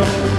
Thank you.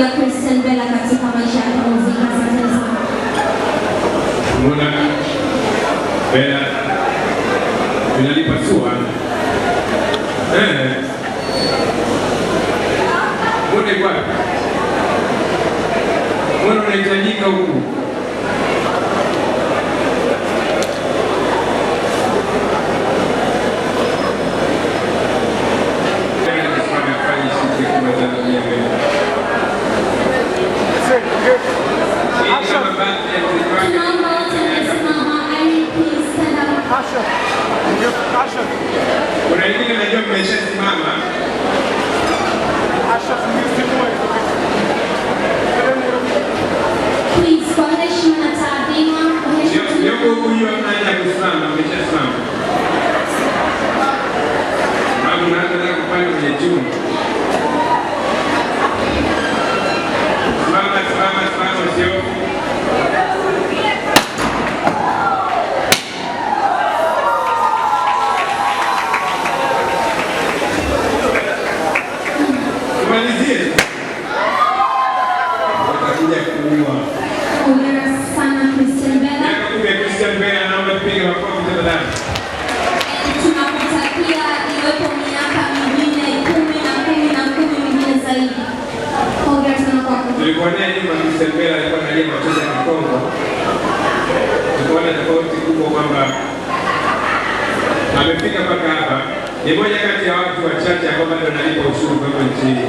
Young Christian Kuna wengine najua mmeshasimama Please, kwa heshima na taadhima, kwa heshima ni moja kati ya watu wachache ambao bado wanalipa ushuru kama nchi hii,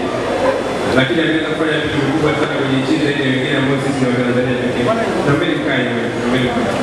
lakini ameweza kufanya vitu vikubwa sana kwenye nchi zaidi ya wengine ambao sisi ni Watanzania pekee. Naombeni mkae, naombeni mkae.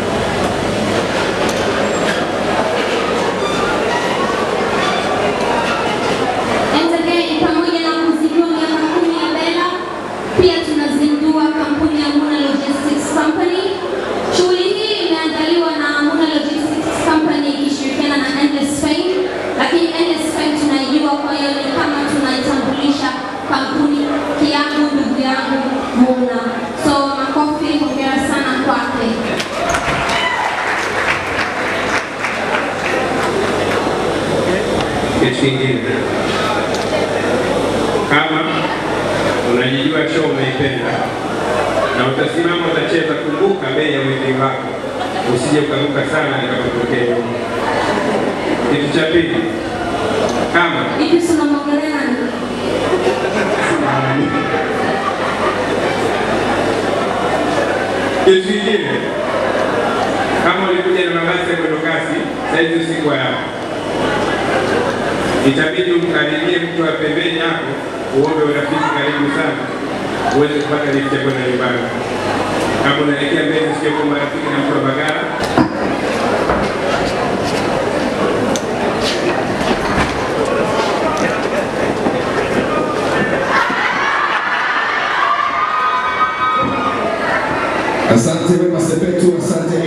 ushindini. Kama unajijua show umeipenda na utasimama utacheza, kumbuka bei ya mwenzi wako, usije ukaruka sana nikakutokea. Kitu cha pili, kama kitu kingine, kama ulikuja na mabasi ya mwendo kasi, saizi usiku yao itabidi umkaribie mtu wa pembeni hapo, uombe urafiki karibu sana, uweze kupata lifti ya kwenda nyumbani. Kama unaelekea mbele, sikia kwamba marafiki na mtu wa Bagara Asante Wema Sepetu, asante.